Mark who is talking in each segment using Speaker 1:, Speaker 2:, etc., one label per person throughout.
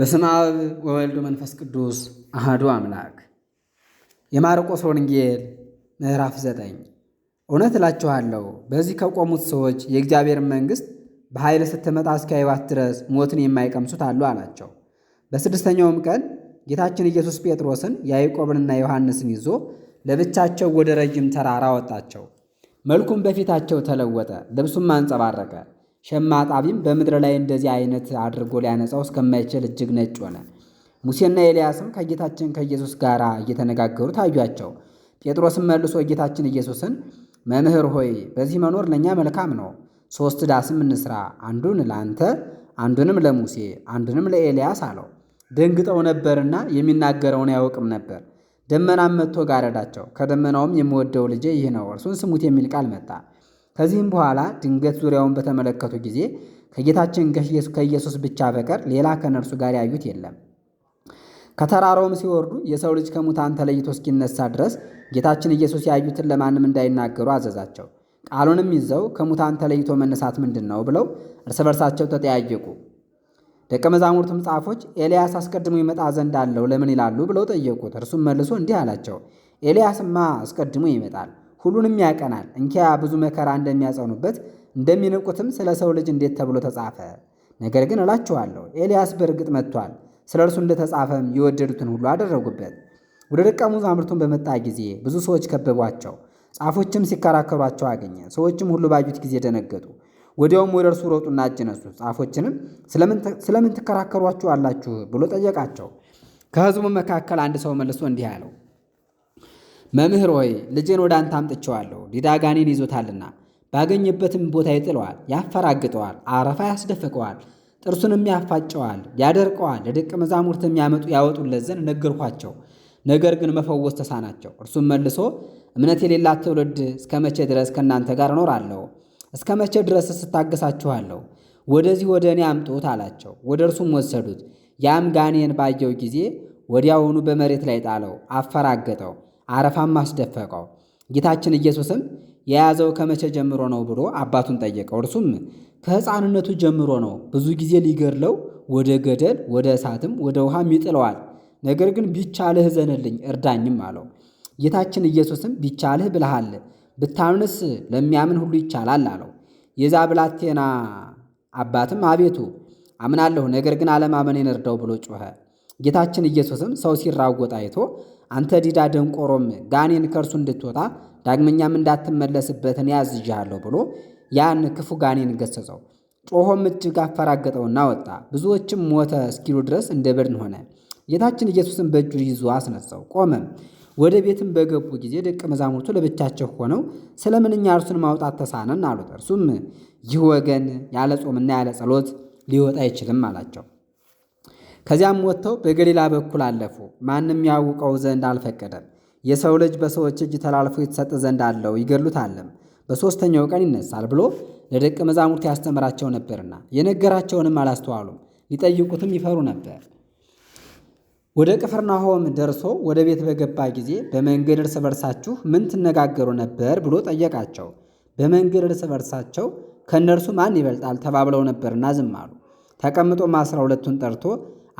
Speaker 1: በስመ አብ ወወልድ መንፈስ ቅዱስ አህዱ አምላክ። የማርቆስ ወንጌል ምዕራፍ ዘጠኝ እውነት እላችኋለሁ በዚህ ከቆሙት ሰዎች የእግዚአብሔር መንግሥት በኃይል ስትመጣ እስኪያዩአት ድረስ ሞትን የማይቀምሱት አሉ አላቸው። በስድስተኛውም ቀን ጌታችን ኢየሱስ ጴጥሮስን ያዕቆብንና ዮሐንስን ይዞ ለብቻቸው ወደ ረጅም ተራራ ወጣቸው። መልኩም በፊታቸው ተለወጠ፣ ልብሱም አንጸባረቀ። ሸማ ጣቢም በምድር ላይ እንደዚህ አይነት አድርጎ ሊያነጻው እስከማይችል እጅግ ነጭ ሆነ። ሙሴና ኤልያስም ከጌታችን ከኢየሱስ ጋር እየተነጋገሩ ታዩአቸው። ጴጥሮስም መልሶ ጌታችን ኢየሱስን መምህር ሆይ በዚህ መኖር ለእኛ መልካም ነው። ሦስት ዳስም እንስራ፣ አንዱን ለአንተ፣ አንዱንም ለሙሴ፣ አንዱንም ለኤልያስ አለው። ደንግጠው ነበርና የሚናገረውን አያውቅም ነበር። ደመናም መጥቶ ጋረዳቸው። ከደመናውም የምወደው ልጄ ይህ ነው፣ እርሱን ስሙት የሚል ቃል መጣ። ከዚህም በኋላ ድንገት ዙሪያውን በተመለከቱ ጊዜ ከጌታችን ከኢየሱስ ብቻ በቀር ሌላ ከነርሱ ጋር ያዩት የለም። ከተራራውም ሲወርዱ የሰው ልጅ ከሙታን ተለይቶ እስኪነሳ ድረስ ጌታችን ኢየሱስ ያዩትን ለማንም እንዳይናገሩ አዘዛቸው። ቃሉንም ይዘው ከሙታን ተለይቶ መነሳት ምንድን ነው ብለው እርስ በርሳቸው ተጠያየቁ። ደቀ መዛሙርቱም ጻፎች ኤልያስ አስቀድሞ ይመጣ ዘንድ አለው ለምን ይላሉ ብለው ጠየቁት። እርሱም መልሶ እንዲህ አላቸው፣ ኤልያስማ አስቀድሞ ይመጣል ሁሉንም ያቀናል። እንኪያ ብዙ መከራ እንደሚያጸኑበት እንደሚንቁትም ስለ ሰው ልጅ እንዴት ተብሎ ተጻፈ? ነገር ግን እላችኋለሁ ኤልያስ በእርግጥ መጥቷል፣ ስለ እርሱ እንደተጻፈም የወደዱትን ሁሉ አደረጉበት። ወደ ደቀ መዛሙርቱም በመጣ ጊዜ ብዙ ሰዎች ከበቧቸው፣ ጻፎችም ሲከራከሯቸው አገኘ። ሰዎችም ሁሉ ባዩት ጊዜ ደነገጡ። ወዲያውም ወደ እርሱ ሮጡና እጅ ነሱት። ጻፎችንም ስለምን ትከራከሯችሁ አላችሁ ብሎ ጠየቃቸው። ከሕዝቡ መካከል አንድ ሰው መልሶ እንዲህ አለው መምህር ሆይ ልጄን ወደ አንተ አምጥቼዋለሁ፣ ዲዳ ጋኔን ይዞታልና። ባገኘበትም ቦታ ይጥለዋል፣ ያፈራግጠዋል፣ አረፋ ያስደፍቀዋል፣ ጥርሱንም ያፋጨዋል፣ ያደርቀዋል። ለደቀ መዛሙርትም ያመጡ ያወጡለት ዘንድ ነገርኳቸው፣ ነገር ግን መፈወስ ተሳናቸው። እርሱም መልሶ እምነት የሌላት ትውልድ እስከ መቼ ድረስ ከእናንተ ጋር እኖራለሁ? እስከ መቼ ድረስ ስታገሳችኋለሁ? ወደዚህ ወደ እኔ አምጡት አላቸው። ወደ እርሱም ወሰዱት። ያም ጋኔን ባየው ጊዜ ወዲያውኑ በመሬት ላይ ጣለው፣ አፈራገጠው። አረፋም አስደፈቀው። ጌታችን ኢየሱስም የያዘው ከመቼ ጀምሮ ነው ብሎ አባቱን ጠየቀው። እርሱም ከሕፃንነቱ ጀምሮ ነው፣ ብዙ ጊዜ ሊገድለው ወደ ገደል ወደ እሳትም ወደ ውሃም ይጥለዋል። ነገር ግን ቢቻልህ እዘንልኝ እርዳኝም አለው። ጌታችን ኢየሱስም ቢቻልህ ብለሃል፣ ብታምንስ ለሚያምን ሁሉ ይቻላል አለው። የዛ ብላቴና አባትም አቤቱ አምናለሁ፣ ነገር ግን አለማመኔን እርዳው ብሎ ጮኸ። ጌታችን ኢየሱስም ሰው ሲራወጥ አይቶ አንተ ዲዳ ደንቆሮም ጋኔን ከእርሱ እንድትወጣ ዳግመኛም እንዳትመለስበት እኔ አዝዤሃለሁ ብሎ ያን ክፉ ጋኔን ገሰጸው። ጮሆም እጅግ አፈራገጠውና ወጣ። ብዙዎችም ሞተ እስኪሉ ድረስ እንደ በድን ሆነ። ጌታችን ኢየሱስን በእጁ ይዞ አስነጸው፣ ቆመም። ወደ ቤትም በገቡ ጊዜ ደቀ መዛሙርቱ ለብቻቸው ሆነው ስለምንኛ እርሱን ማውጣት ተሳነን አሉት። እርሱም ይህ ወገን ያለ ጾምና ያለ ጸሎት ሊወጣ አይችልም አላቸው። ከዚያም ወጥተው በገሊላ በኩል አለፉ። ማንም ያውቀው ዘንድ አልፈቀደም። የሰው ልጅ በሰዎች እጅ ተላልፎ የተሰጠ ዘንድ አለው ይገሉታልም፣ በሦስተኛው ቀን ይነሳል ብሎ ለደቀ መዛሙርት ያስተምራቸው ነበርና የነገራቸውንም አላስተዋሉም። ሊጠይቁትም ይፈሩ ነበር። ወደ ቅፍርናሆም ደርሶ ወደ ቤት በገባ ጊዜ በመንገድ እርስ በርሳችሁ ምን ትነጋገሩ ነበር ብሎ ጠየቃቸው። በመንገድ እርስ በርሳቸው ከእነርሱ ማን ይበልጣል ተባብለው ነበርና ዝም አሉ። ተቀምጦም አሥራ ሁለቱን ጠርቶ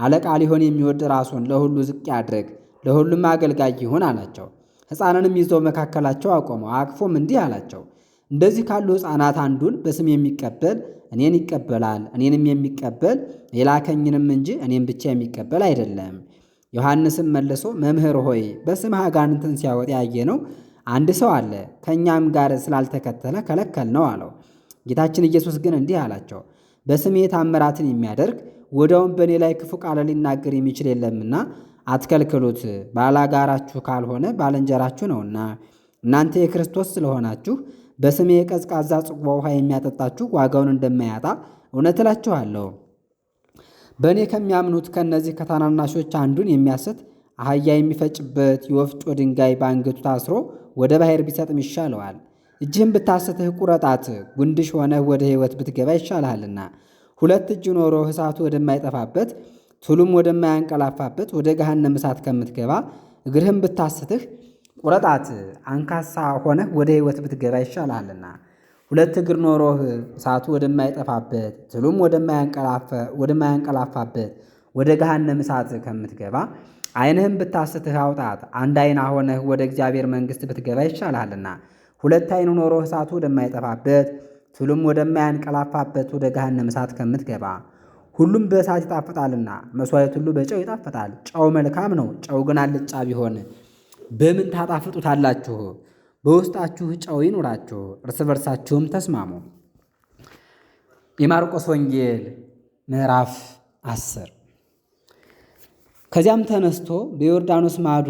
Speaker 1: አለቃ ሊሆን የሚወድ ራሱን ለሁሉ ዝቅ ያድርግ፣ ለሁሉም አገልጋይ ይሁን አላቸው። ሕፃንንም ይዘው መካከላቸው አቆመው። አቅፎም እንዲህ አላቸው፣ እንደዚህ ካሉ ሕፃናት አንዱን በስም የሚቀበል እኔን ይቀበላል፣ እኔንም የሚቀበል የላከኝንም እንጂ እኔን ብቻ የሚቀበል አይደለም። ዮሐንስም መልሶ መምህር ሆይ በስምህ አጋንንትን ሲያወጥ ነው አንድ ሰው አለ፣ ከእኛም ጋር ስላልተከተለ ከለከል ነው አለው። ጌታችን ኢየሱስ ግን እንዲህ አላቸው፣ በስሜ ተአምራትን የሚያደርግ ወዲያውም በእኔ ላይ ክፉ ቃል ሊናገር የሚችል የለምና አትከልክሉት። ባላጋራችሁ ካልሆነ ባልንጀራችሁ ነውና እናንተ የክርስቶስ ስለሆናችሁ በስሜ የቀዝቃዛ ጽዋ ውሃ የሚያጠጣችሁ ዋጋውን እንደማያጣ እውነት እላችኋለሁ። በእኔ ከሚያምኑት ከእነዚህ ከታናናሾች አንዱን የሚያስት አህያ የሚፈጭበት የወፍጮ ድንጋይ በአንገቱ ታስሮ ወደ ባሕር ቢሰጥም ይሻለዋል። እጅህም ብታስትህ ቁረጣት፣ ጉንድሽ ሆነህ ወደ ሕይወት ብትገባ ይሻልሃልና ሁለት እጅ ኖሮ እሳቱ ወደማይጠፋበት ቱሉም ወደማያንቀላፋበት ወደ ገሃነም እሳት ከምትገባ እግርህም ብታስትህ ቁረጣት አንካሳ ሆነህ ወደ ሕይወት ብትገባ ይሻልሃልና። ሁለት እግር ኖሮህ እሳቱ ወደማይጠፋበት ትሉም ወደማያንቀላፋበት ወደ ገሃነም እሳት ከምትገባ ዓይንህም ብታስትህ አውጣት። አንድ ዓይና ሆነህ ወደ እግዚአብሔር መንግሥት ብትገባ ይሻልሃልና። ሁለት ዓይን ኖሮህ እሳቱ ወደማይጠፋበት ትሉም ወደማያንቀላፋበት ወደ ገሃነመ እሳት ከምትገባ ሁሉም በእሳት ይጣፍጣልና መስዋዕት ሁሉ በጨው ይጣፍጣል። ጨው መልካም ነው። ጨው ግን አልጫ ቢሆን በምን ታጣፍጡታላችሁ? በውስጣችሁ ጨው ይኑራችሁ፣ እርስ በርሳችሁም ተስማሙ። የማርቆስ ወንጌል ምዕራፍ አስር ከዚያም ተነስቶ በዮርዳኖስ ማዶ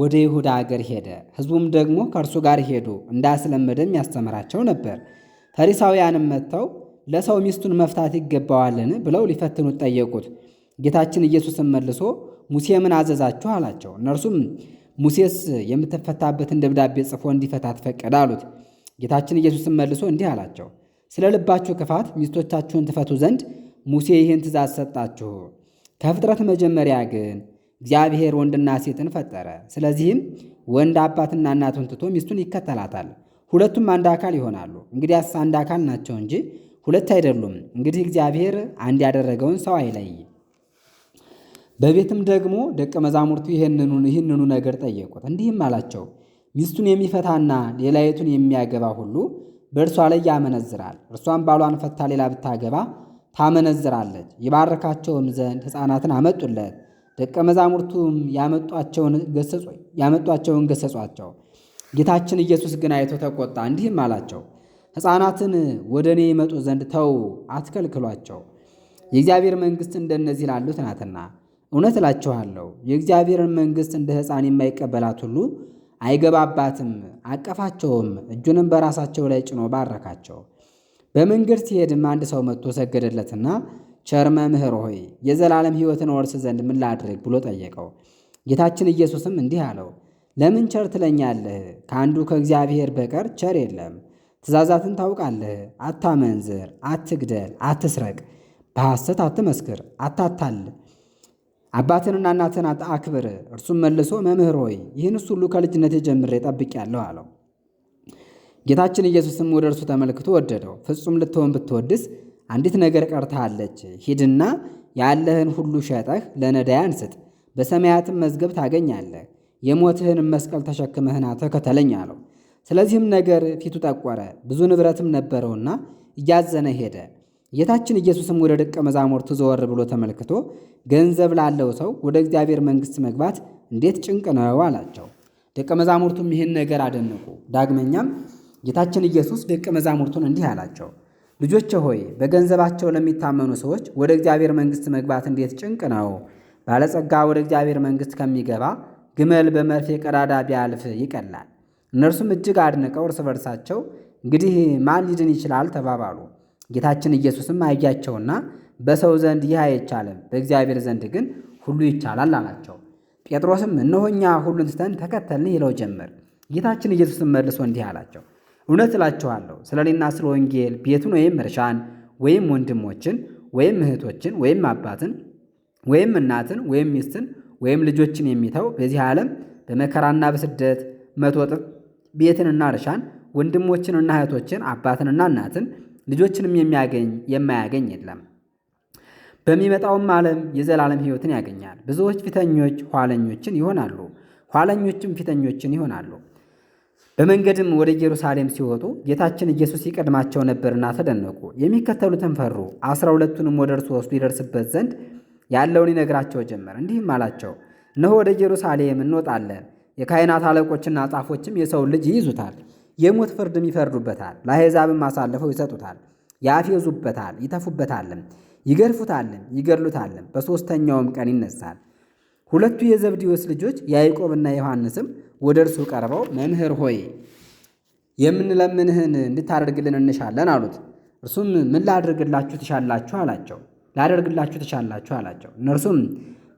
Speaker 1: ወደ ይሁዳ አገር ሄደ። ሕዝቡም ደግሞ ከእርሱ ጋር ሄዱ፣ እንዳስለመደም ያስተምራቸው ነበር። ፈሪሳውያንም መጥተው ለሰው ሚስቱን መፍታት ይገባዋልን ብለው ሊፈትኑት ጠየቁት። ጌታችን ኢየሱስም መልሶ ሙሴ ምን አዘዛችሁ አላቸው። እነርሱም ሙሴስ የምትፈታበትን ደብዳቤ ጽፎ እንዲፈታ ፈቀደ አሉት። ጌታችን ኢየሱስም መልሶ እንዲህ አላቸው፣ ስለ ልባችሁ ክፋት ሚስቶቻችሁን ትፈቱ ዘንድ ሙሴ ይህን ትእዛዝ ሰጣችሁ። ከፍጥረት መጀመሪያ ግን እግዚአብሔር ወንድና ሴትን ፈጠረ። ስለዚህም ወንድ አባትና እናቱን ትቶ ሚስቱን ይከተላታል። ሁለቱም አንድ አካል ይሆናሉ። እንግዲያስ አንድ አካል ናቸው እንጂ ሁለት አይደሉም። እንግዲህ እግዚአብሔር አንድ ያደረገውን ሰው አይለይ። በቤትም ደግሞ ደቀ መዛሙርቱ ይህንኑ ነገር ጠየቁት። እንዲህም አላቸው፣ ሚስቱን የሚፈታና ሌላዪቱን የሚያገባ ሁሉ በእርሷ ላይ ያመነዝራል። እርሷን ባሏን ፈታ ሌላ ብታገባ ታመነዝራለች። ይባርካቸውም ዘንድ ሕፃናትን አመጡለት። ደቀ መዛሙርቱም ያመጧቸውን ገሰጿቸው። ጌታችን ኢየሱስ ግን አይቶ ተቆጣ፣ እንዲህም አላቸው፦ ሕፃናትን ወደ እኔ ይመጡ ዘንድ ተው፣ አትከልክሏቸው፤ የእግዚአብሔር መንግሥት እንደነዚህ ላሉት ናትና። እውነት እላችኋለሁ የእግዚአብሔርን መንግሥት እንደ ሕፃን የማይቀበላት ሁሉ አይገባባትም። አቀፋቸውም፣ እጁንም በራሳቸው ላይ ጭኖ ባረካቸው። በመንገድ ሲሄድም አንድ ሰው መጥቶ ሰገደለትና ቸር መምህር ሆይ የዘላለም ሕይወትን ወርስ ዘንድ ምን ላድርግ ብሎ ጠየቀው። ጌታችን ኢየሱስም እንዲህ አለው ለምን ቸር ትለኛለህ? ከአንዱ ከእግዚአብሔር በቀር ቸር የለም። ትእዛዛትን ታውቃለህ። አታመንዝር፣ አትግደል፣ አትስረቅ፣ በሐሰት አትመስክር፣ አታታል፣ አባትንና እናትን አክብር። እርሱም መልሶ መምህር ሆይ ይህንስ ሁሉ ከልጅነቴ ጀምሬ ጠብቄአለሁ አለው። ጌታችን ኢየሱስም ወደ እርሱ ተመልክቶ ወደደው። ፍጹም ልትሆን ብትወድስ አንዲት ነገር ቀርታለች። ሂድና ያለህን ሁሉ ሸጠህ ለነዳያን ስጥ፣ በሰማያትም መዝገብ ታገኛለህ የሞትህን መስቀል ተሸክመህና ተከተለኝ አለው። ስለዚህም ነገር ፊቱ ጠቆረ፣ ብዙ ንብረትም ነበረውና እያዘነ ሄደ። ጌታችን ኢየሱስም ወደ ደቀ መዛሙርቱ ዘወር ብሎ ተመልክቶ ገንዘብ ላለው ሰው ወደ እግዚአብሔር መንግሥት መግባት እንዴት ጭንቅ ነው አላቸው። ደቀ መዛሙርቱም ይህን ነገር አደነቁ። ዳግመኛም ጌታችን ኢየሱስ ደቀ መዛሙርቱን እንዲህ አላቸው፣ ልጆቼ ሆይ በገንዘባቸው ለሚታመኑ ሰዎች ወደ እግዚአብሔር መንግሥት መግባት እንዴት ጭንቅ ነው። ባለጸጋ ወደ እግዚአብሔር መንግሥት ከሚገባ ግመል በመርፌ ቀዳዳ ቢያልፍ ይቀላል። እነርሱም እጅግ አድንቀው እርስ በርሳቸው እንግዲህ ማን ሊድን ይችላል ተባባሉ። ጌታችን ኢየሱስም አያቸውና በሰው ዘንድ ይህ አይቻልም፣ በእግዚአብሔር ዘንድ ግን ሁሉ ይቻላል አላቸው። ጴጥሮስም እነሆ እኛ ሁሉን ትተን ተከተልን ይለው ጀመር። ጌታችን ኢየሱስም መልሶ እንዲህ አላቸው፣ እውነት እላችኋለሁ ስለ እኔና ስለ ወንጌል ቤቱን ወይም እርሻን ወይም ወንድሞችን ወይም እህቶችን ወይም አባትን ወይም እናትን ወይም ሚስትን ወይም ልጆችን የሚተው በዚህ ዓለም በመከራና በስደት መቶ እጥፍ ቤትንና እርሻን ወንድሞችንና እህቶችን አባትንና እናትን ልጆችንም የሚያገኝ የማያገኝ የለም። በሚመጣውም ዓለም የዘላለም ሕይወትን ያገኛል። ብዙዎች ፊተኞች ኋለኞችን ይሆናሉ፣ ኋለኞችም ፊተኞችን ይሆናሉ። በመንገድም ወደ ኢየሩሳሌም ሲወጡ ጌታችን ኢየሱስ ይቀድማቸው ነበርና ተደነቁ። የሚከተሉትን ፈሩ። አስራ ሁለቱንም ወደ እርሱ ወስዶ ይደርስበት ዘንድ ያለውን ይነግራቸው ጀመር። እንዲህም አላቸው፣ እነሆ ወደ ኢየሩሳሌም እንወጣለን፣ የካህናት አለቆችና ጻፎችም የሰውን ልጅ ይይዙታል፣ የሞት ፍርድም ይፈርዱበታል፣ ለአሕዛብም አሳልፈው ይሰጡታል፣ ያፌዙበታል፣ ይተፉበታልም፣ ይገርፉታልም፣ ይገድሉታልም፣ በሦስተኛውም ቀን ይነሳል። ሁለቱ የዘብዴዎስ ልጆች ያዕቆብና ዮሐንስም ወደ እርሱ ቀርበው መምህር ሆይ የምንለምንህን እንድታደርግልን እንሻለን አሉት። እርሱም ምን ላድርግላችሁ ትሻላችሁ አላቸው። ላደርግላችሁ ትቻላችሁ አላቸው። እነርሱም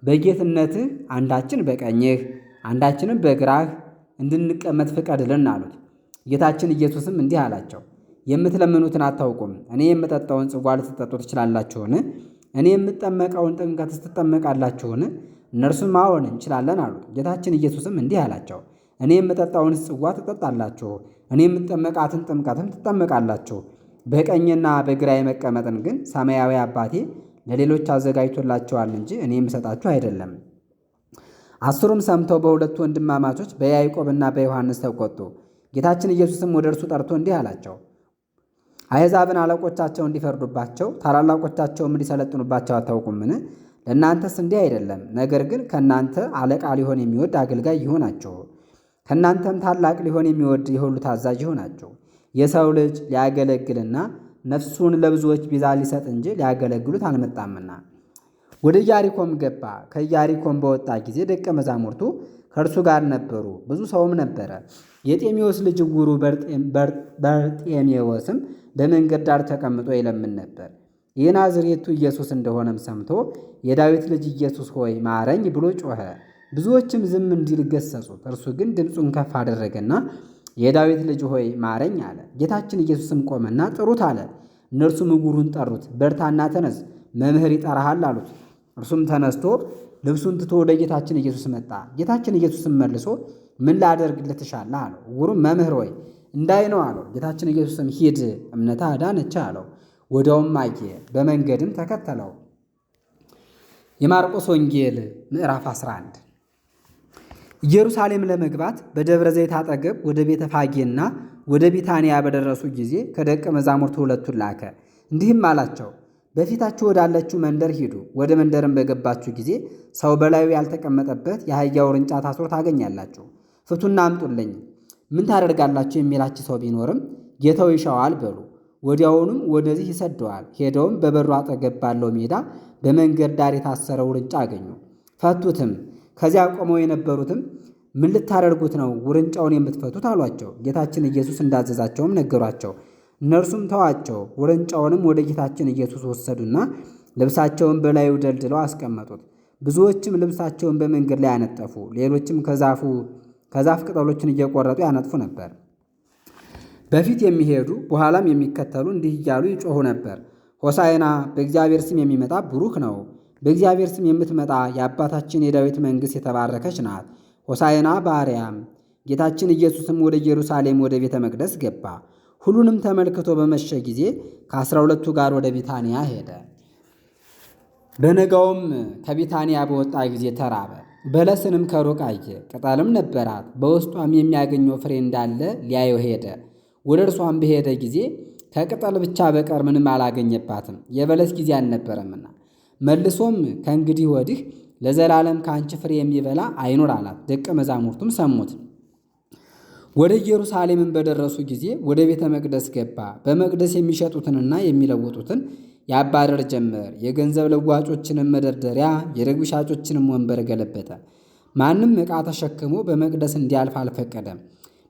Speaker 1: በጌትነትህ አንዳችን በቀኝህ አንዳችንም በግራህ እንድንቀመጥ ፍቀድልን አሉት። ጌታችን ኢየሱስም እንዲህ አላቸው፣ የምትለምኑትን አታውቁም። እኔ የምጠጣውን ጽዋ ልትጠጡ ትችላላችሁን? እኔ የምጠመቀውን ጥምቀትስ ትጠመቃላችሁን? እነርሱም አዎን እንችላለን አሉት። ጌታችን ኢየሱስም እንዲህ አላቸው፣ እኔ የምጠጣውን ጽዋ ትጠጣላችሁ፣ እኔ የምጠመቃትን ጥምቀትም ትጠመቃላችሁ። በቀኝና በግራ የመቀመጥን ግን ሰማያዊ አባቴ ለሌሎች አዘጋጅቶላቸዋል እንጂ እኔ የምሰጣችሁ አይደለም። አስሩም ሰምተው በሁለቱ ወንድማማቾች በያዕቆብና በዮሐንስ ተቆጡ። ጌታችን ኢየሱስም ወደ እርሱ ጠርቶ እንዲህ አላቸው፣ አሕዛብን አለቆቻቸው እንዲፈርዱባቸው ታላላቆቻቸውም እንዲሰለጥኑባቸው አታውቁምን? ለእናንተስ እንዲህ አይደለም። ነገር ግን ከእናንተ አለቃ ሊሆን የሚወድ አገልጋይ ይሆናችሁ፣ ከእናንተም ታላቅ ሊሆን የሚወድ የሁሉ ታዛዥ ይሆናችሁ። የሰው ልጅ ሊያገለግልና ነፍሱን ለብዙዎች ቤዛ ሊሰጥ እንጂ ሊያገለግሉት አልመጣምና። ወደ ኢያሪኮም ገባ። ከኢያሪኮም በወጣ ጊዜ ደቀ መዛሙርቱ ከእርሱ ጋር ነበሩ፣ ብዙ ሰውም ነበረ። የጤሜዎስ ልጅ ዕውሩ በርጤሜዎስም በመንገድ ዳር ተቀምጦ ይለምን ነበር። የናዝሬቱ ኢየሱስ እንደሆነም ሰምቶ የዳዊት ልጅ ኢየሱስ ሆይ ማረኝ ብሎ ጮኸ። ብዙዎችም ዝም እንዲል ገሰጹት። እርሱ ግን ድምፁን ከፍ አደረገና የዳዊት ልጅ ሆይ ማረኝ አለ። ጌታችን ኢየሱስም ቆመና ጥሩት አለ። እነርሱም እጉሩን ጠሩት። በርታና ተነስ፣ መምህር ይጠራሃል አሉት። እርሱም ተነስቶ ልብሱን ትቶ ወደ ጌታችን ኢየሱስ መጣ። ጌታችን ኢየሱስም መልሶ ምን ላደርግልህ ትሻለህ አለው። እውሩም መምህር ሆይ እንዳይ ነው አለው። ጌታችን ኢየሱስም ሂድ፣ እምነትህ አዳነች አለው። ወዲያውም አየ፣ በመንገድም ተከተለው። የማርቆስ ወንጌል ምዕራፍ 11 ኢየሩሳሌም ለመግባት በደብረ ዘይት አጠገብ ወደ ቤተ ፋጌና ወደ ቢታንያ በደረሱ ጊዜ ከደቀ መዛሙርቱ ሁለቱን ላከ። እንዲህም አላቸው፣ በፊታችሁ ወዳለችው መንደር ሂዱ። ወደ መንደርም በገባችሁ ጊዜ ሰው በላዩ ያልተቀመጠበት የአህያ ውርንጫ ታስሮ ታገኛላችሁ። ፍቱና አምጡልኝ። ምን ታደርጋላችሁ የሚላችሁ ሰው ቢኖርም ጌታው ይሻዋል በሉ። ወዲያውኑም ወደዚህ ይሰደዋል። ሄደውም በበሩ አጠገብ ባለው ሜዳ በመንገድ ዳር የታሰረ ውርንጫ አገኙ፣ ፈቱትም። ከዚያ ቆመው የነበሩትም ምን ልታደርጉት ነው ውርንጫውን የምትፈቱት አሏቸው። ጌታችን ኢየሱስ እንዳዘዛቸውም ነገሯቸው። እነርሱም ተዋቸው። ውርንጫውንም ወደ ጌታችን ኢየሱስ ወሰዱና ልብሳቸውን በላዩ ደልድለው አስቀመጡት። ብዙዎችም ልብሳቸውን በመንገድ ላይ አነጠፉ። ሌሎችም ከዛፉ ከዛፍ ቅጠሎችን እየቆረጡ ያነጥፉ ነበር። በፊት የሚሄዱ በኋላም የሚከተሉ እንዲህ እያሉ ይጮኹ ነበር፣ ሆሳይና በእግዚአብሔር ስም የሚመጣ ብሩክ ነው በእግዚአብሔር ስም የምትመጣ የአባታችን የዳዊት መንግሥት የተባረከች ናት። ሆሳዕና በአርያም ጌታችን ኢየሱስም ወደ ኢየሩሳሌም ወደ ቤተ መቅደስ ገባ። ሁሉንም ተመልክቶ በመሸ ጊዜ ከአስራ ሁለቱ ጋር ወደ ቢታንያ ሄደ። በነጋውም ከቢታንያ በወጣ ጊዜ ተራበ። በለስንም ከሩቅ አየ፣ ቅጠልም ነበራት። በውስጧም የሚያገኘው ፍሬ እንዳለ ሊያየው ሄደ። ወደ እርሷም በሄደ ጊዜ ከቅጠል ብቻ በቀር ምንም አላገኘባትም፣ የበለስ ጊዜ አልነበረምና። መልሶም ከእንግዲህ ወዲህ ለዘላለም ከአንቺ ፍሬ የሚበላ አይኑር አላት። ደቀ መዛሙርቱም ሰሙት። ወደ ኢየሩሳሌምን በደረሱ ጊዜ ወደ ቤተ መቅደስ ገባ። በመቅደስ የሚሸጡትንና የሚለውጡትን ያባረር ጀመር። የገንዘብ ለዋጮችንም መደርደሪያ፣ የርግብ ሻጮችንም ወንበር ገለበጠ። ማንም ዕቃ ተሸክሞ በመቅደስ እንዲያልፍ አልፈቀደም።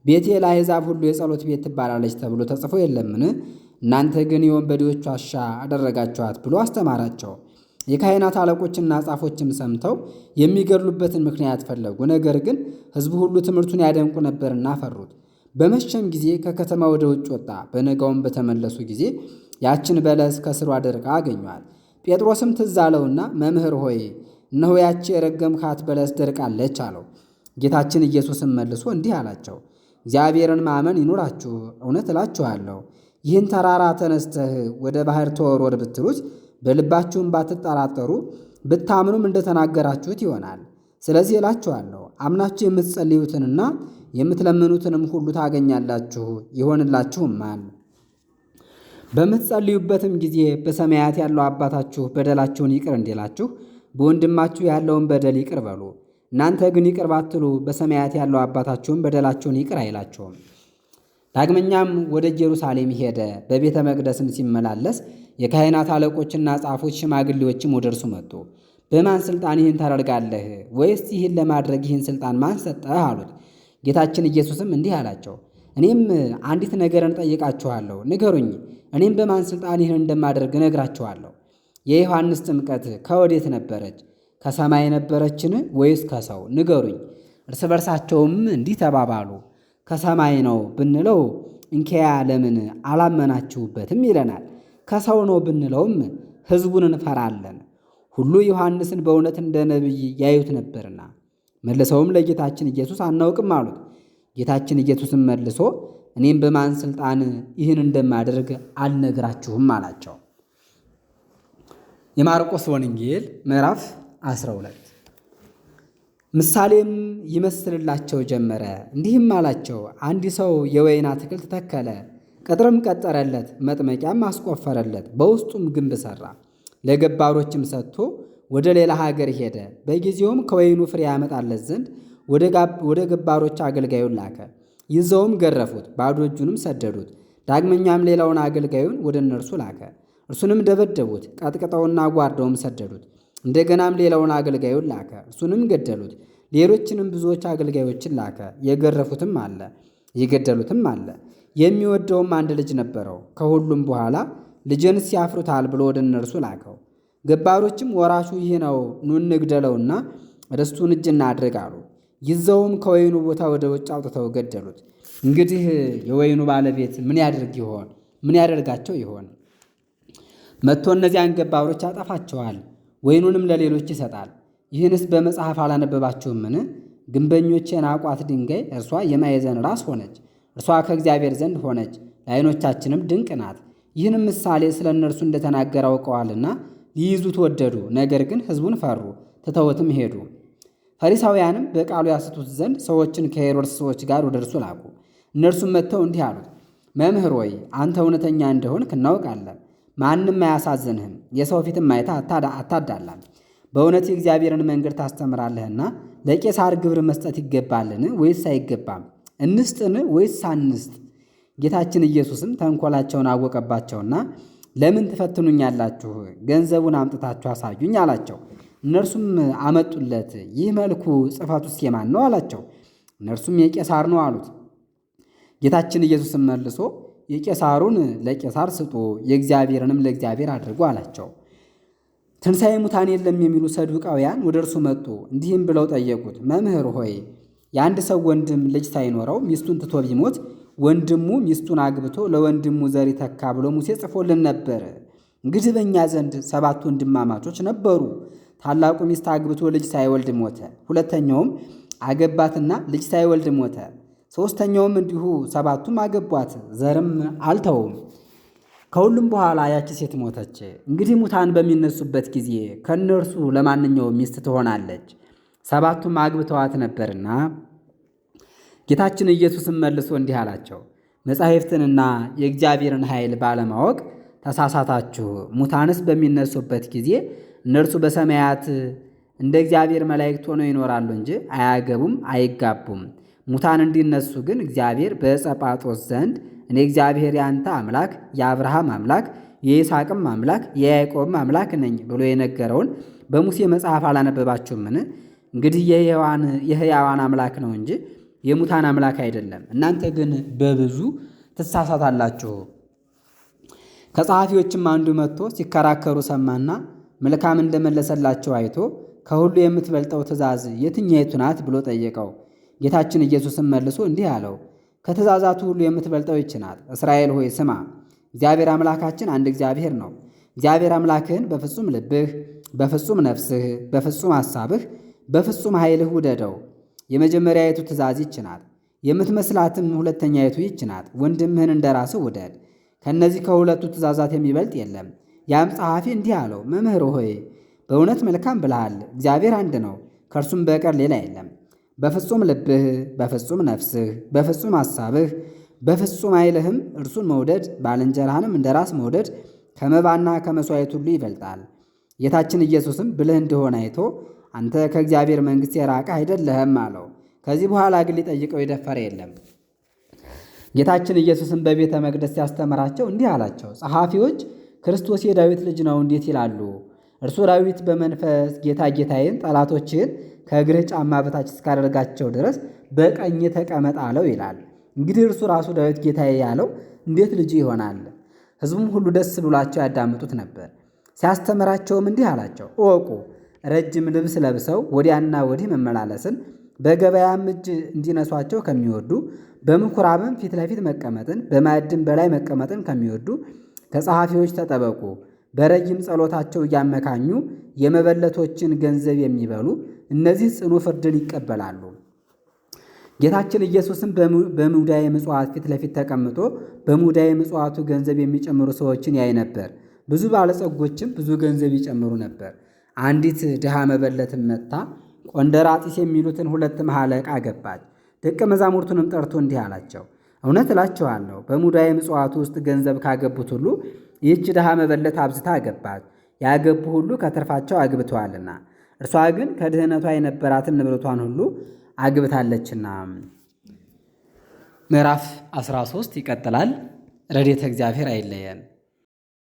Speaker 1: ቤቴ ለአሕዛብ ሁሉ የጸሎት ቤት ትባላለች ተብሎ ተጽፎ የለምን? እናንተ ግን የወንበዴዎች ዋሻ አደረጋችኋት ብሎ አስተማራቸው። የካህናት አለቆችና ጻፎችም ሰምተው የሚገድሉበትን ምክንያት ፈለጉ። ነገር ግን ሕዝቡ ሁሉ ትምህርቱን ያደንቁ ነበርና ፈሩት። በመሸም ጊዜ ከከተማ ወደ ውጭ ወጣ። በነጋውም በተመለሱ ጊዜ ያችን በለስ ከስሯ ደርቃ አገኟል። ጴጥሮስም ትዝ አለውና መምህር ሆይ እነሆ ያቺ የረገምካት በለስ ደርቃለች አለው። ጌታችን ኢየሱስም መልሶ እንዲህ አላቸው፣ እግዚአብሔርን ማመን ይኑራችሁ። እውነት እላችኋለሁ ይህን ተራራ ተነስተህ ወደ ባህር ተወርወር ብትሉት በልባችሁም ባትጠራጠሩ ብታምኑም እንደተናገራችሁት ይሆናል። ስለዚህ እላችኋለሁ አምናችሁ የምትጸልዩትንና የምትለምኑትንም ሁሉ ታገኛላችሁ ይሆንላችሁማል። በምትጸልዩበትም ጊዜ በሰማያት ያለው አባታችሁ በደላችሁን ይቅር እንዲላችሁ በወንድማችሁ ያለውን በደል ይቅር በሉ። እናንተ ግን ይቅር ባትሉ በሰማያት ያለው አባታችሁም በደላችሁን ይቅር አይላችሁም። ዳግመኛም ወደ ኢየሩሳሌም ሄደ። በቤተ መቅደስም ሲመላለስ የካህናት አለቆችና ጻፎች፣ ሽማግሌዎችም ወደ እርሱ መጡ። በማን ሥልጣን ይህን ታደርጋለህ? ወይስ ይህን ለማድረግ ይህን ሥልጣን ማን ሰጠህ? አሉት። ጌታችን ኢየሱስም እንዲህ አላቸው፣ እኔም አንዲት ነገርን ጠይቃችኋለሁ፣ ንገሩኝ። እኔም በማን ሥልጣን ይህን እንደማደርግ እነግራችኋለሁ። የዮሐንስ ጥምቀት ከወዴት ነበረች? ከሰማይ ነበረችን ወይስ ከሰው? ንገሩኝ። እርስ በርሳቸውም እንዲህ ተባባሉ። ከሰማይ ነው ብንለው እንኪያ ለምን አላመናችሁበትም ይለናል። ከሰው ነው ብንለውም ሕዝቡን እንፈራለን፣ ሁሉ ዮሐንስን በእውነት እንደ ነቢይ ያዩት ነበርና። መልሰውም ለጌታችን ኢየሱስ አናውቅም አሉት። ጌታችን ኢየሱስም መልሶ እኔም በማን ሥልጣን ይህን እንደማደርግ አልነግራችሁም አላቸው። የማርቆስ ወንጌል ምዕራፍ 12 ምሳሌም ይመስልላቸው ጀመረ። እንዲህም አላቸው፣ አንድ ሰው የወይን አትክልት ተከለ፣ ቅጥርም ቀጠረለት፣ መጥመቂያም አስቆፈረለት፣ በውስጡም ግንብ ሠራ። ለገባሮችም ሰጥቶ ወደ ሌላ ሀገር ሄደ። በጊዜውም ከወይኑ ፍሬ ያመጣለት ዘንድ ወደ ገባሮች አገልጋዩን ላከ። ይዘውም ገረፉት፣ ባዶ እጁንም ሰደዱት። ዳግመኛም ሌላውን አገልጋዩን ወደ እነርሱ ላከ። እርሱንም ደበደቡት፣ ቀጥቅጠውና ጓርደውም ሰደዱት። እንደገናም ሌላውን አገልጋዩን ላከ፣ እርሱንም ገደሉት። ሌሎችንም ብዙዎች አገልጋዮችን ላከ፣ የገረፉትም አለ፣ የገደሉትም አለ። የሚወደውም አንድ ልጅ ነበረው። ከሁሉም በኋላ ልጅንስ ያፍሩታል ብሎ ወደ እነርሱ ላከው። ገባሮችም ወራሹ ይህ ነው፣ ኑ እንግደለውና ርስቱን እጅ እናድርግ አሉ። ይዘውም ከወይኑ ቦታ ወደ ውጭ አውጥተው ገደሉት። እንግዲህ የወይኑ ባለቤት ምን ያደርግ ይሆን? ምን ያደርጋቸው ይሆን? መጥቶ እነዚያን ገባሮች ያጠፋቸዋል ወይኑንም ለሌሎች ይሰጣል። ይህንስ በመጽሐፍ አላነበባችሁምን? ግንበኞች የናቋት ድንጋይ እርሷ የማዕዘን ራስ ሆነች። እርሷ ከእግዚአብሔር ዘንድ ሆነች፣ ለዓይኖቻችንም ድንቅ ናት። ይህንም ምሳሌ ስለ እነርሱ እንደተናገረ አውቀዋልና ሊይዙት ወደዱ። ነገር ግን ሕዝቡን ፈሩ፣ ትተውትም ሄዱ። ፈሪሳውያንም በቃሉ ያስቱት ዘንድ ሰዎችን ከሄሮድስ ሰዎች ጋር ወደ እርሱ ላኩ። እነርሱም መጥተው እንዲህ አሉት፣ መምህር ሆይ አንተ እውነተኛ እንደሆንክ እናውቃለን ማንም አያሳዝንህም፣ የሰው ፊትም ማየት አታዳላም። በእውነት የእግዚአብሔርን መንገድ ታስተምራለህና ለቄሳር ግብር መስጠት ይገባልን ወይስ አይገባም? እንስጥን ወይስ ሳንስጥ? ጌታችን ኢየሱስም ተንኮላቸውን አወቀባቸውና ለምን ትፈትኑኛላችሁ? ገንዘቡን አምጥታችሁ አሳዩኝ አላቸው። እነርሱም አመጡለት። ይህ መልኩ ጽሕፈቱስ የማን ነው አላቸው። እነርሱም የቄሳር ነው አሉት። ጌታችን ኢየሱስም መልሶ የቄሳሩን ለቄሳር ስጡ፣ የእግዚአብሔርንም ለእግዚአብሔር አድርጉ አላቸው። ትንሣኤ ሙታን የለም የሚሉ ሰዱቃውያን ወደ እርሱ መጡ፣ እንዲህም ብለው ጠየቁት። መምህር ሆይ የአንድ ሰው ወንድም ልጅ ሳይኖረው ሚስቱን ትቶ ቢሞት ወንድሙ ሚስቱን አግብቶ ለወንድሙ ዘር ይተካ ብሎ ሙሴ ጽፎልን ነበር። እንግዲህ በእኛ ዘንድ ሰባት ወንድማማቾች ነበሩ። ታላቁ ሚስት አግብቶ ልጅ ሳይወልድ ሞተ። ሁለተኛውም አገባትና ልጅ ሳይወልድ ሞተ። ሦስተኛውም እንዲሁ ሰባቱም አገቧት፣ ዘርም አልተውም። ከሁሉም በኋላ ያቺ ሴት ሞተች። እንግዲህ ሙታን በሚነሱበት ጊዜ ከእነርሱ ለማንኛውም ሚስት ትሆናለች። ሰባቱም አግብተዋት ነበርና። ጌታችን ኢየሱስም መልሶ እንዲህ አላቸው፣ መጻሕፍትንና የእግዚአብሔርን ኃይል ባለማወቅ ተሳሳታችሁ። ሙታንስ በሚነሱበት ጊዜ እነርሱ በሰማያት እንደ እግዚአብሔር መላእክት ሆነው ይኖራሉ እንጂ አያገቡም፣ አይጋቡም። ሙታን እንዲነሱ ግን እግዚአብሔር በጸጳጦስ ዘንድ እኔ እግዚአብሔር ያንተ አምላክ የአብርሃም አምላክ የይስሐቅም አምላክ የያዕቆብም አምላክ ነኝ ብሎ የነገረውን በሙሴ መጽሐፍ አላነበባችሁምን? እንግዲህ የሕያዋን አምላክ ነው እንጂ የሙታን አምላክ አይደለም። እናንተ ግን በብዙ ትሳሳታላችሁ። ከጸሐፊዎችም አንዱ መጥቶ ሲከራከሩ ሰማና መልካም እንደመለሰላቸው አይቶ ከሁሉ የምትበልጠው ትእዛዝ የትኛይቱ ናት ብሎ ጠየቀው። ጌታችን ኢየሱስም መልሶ እንዲህ አለው፣ ከትእዛዛቱ ሁሉ የምትበልጠው ይች ናት። እስራኤል ሆይ ስማ፣ እግዚአብሔር አምላካችን አንድ እግዚአብሔር ነው። እግዚአብሔር አምላክህን በፍጹም ልብህ፣ በፍጹም ነፍስህ፣ በፍጹም ሐሳብህ፣ በፍጹም ኃይልህ ውደደው። የመጀመሪያይቱ ትእዛዝ ይች ናት። የምትመስላትም ሁለተኛይቱ ይች ናት፣ ወንድምህን እንደ ራስህ ውደድ። ከእነዚህ ከሁለቱ ትእዛዛት የሚበልጥ የለም። ያም ጸሐፊ እንዲህ አለው፣ መምህር ሆይ በእውነት መልካም ብለሃል። እግዚአብሔር አንድ ነው፣ ከእርሱም በቀር ሌላ የለም። በፍጹም ልብህ፣ በፍጹም ነፍስህ፣ በፍጹም ሐሳብህ፣ በፍጹም ኃይልህም እርሱን መውደድ ባልንጀራህንም እንደ ራስ መውደድ ከመባና ከመሥዋዕት ሁሉ ይበልጣል። ጌታችን ኢየሱስም ብልህ እንደሆነ አይቶ አንተ ከእግዚአብሔር መንግሥት የራቀ አይደለህም አለው። ከዚህ በኋላ ግን ሊጠይቀው የደፈረ የለም። ጌታችን ኢየሱስም በቤተ መቅደስ ሲያስተምራቸው እንዲህ አላቸው፣ ጸሐፊዎች ክርስቶስ የዳዊት ልጅ ነው እንዴት ይላሉ? እርሱ ራዊት በመንፈስ ጌታ ጌታዬን ጠላቶችን ከእግርህ ጫማ በታች እስካደርጋቸው ድረስ በቀኝ ተቀመጥ አለው ይላል። እንግዲህ እርሱ ራሱ ዳዊት ጌታዬ ያለው እንዴት ልጁ ይሆናል? ሕዝቡም ሁሉ ደስ ብሏቸው ያዳምጡት ነበር። ሲያስተምራቸውም እንዲህ አላቸው፣ እወቁ ረጅም ልብስ ለብሰው ወዲያና ወዲህ መመላለስን በገበያም እጅ እንዲነሷቸው ከሚወዱ በምኩራብም ፊት ለፊት መቀመጥን በማዕድም በላይ መቀመጥን ከሚወዱ ከጸሐፊዎች ተጠበቁ። በረጅም ጸሎታቸው እያመካኙ የመበለቶችን ገንዘብ የሚበሉ እነዚህ ጽኑ ፍርድን ይቀበላሉ። ጌታችን ኢየሱስም በሙዳየ ምጽዋት ፊት ለፊት ተቀምጦ በሙዳየ ምጽዋቱ ገንዘብ የሚጨምሩ ሰዎችን ያይ ነበር። ብዙ ባለጸጎችም ብዙ ገንዘብ ይጨምሩ ነበር። አንዲት ድሃ መበለትን መጥታ ቆንደራጢስ የሚሉትን ሁለት መሃለቃ ገባች። ደቀ መዛሙርቱንም ጠርቶ እንዲህ አላቸው፣ እውነት እላችኋለሁ በሙዳየ ምጽዋቱ ውስጥ ገንዘብ ካገቡት ሁሉ ይህች ድሃ መበለት አብዝታ አገባች፣ ያገቡ ሁሉ ከትርፋቸው አግብተዋልና፣ እርሷ ግን ከድህነቷ የነበራትን ንብረቷን ሁሉ አግብታለችና። ምዕራፍ 13 ይቀጥላል። ረድኤተ እግዚአብሔር አይለየን።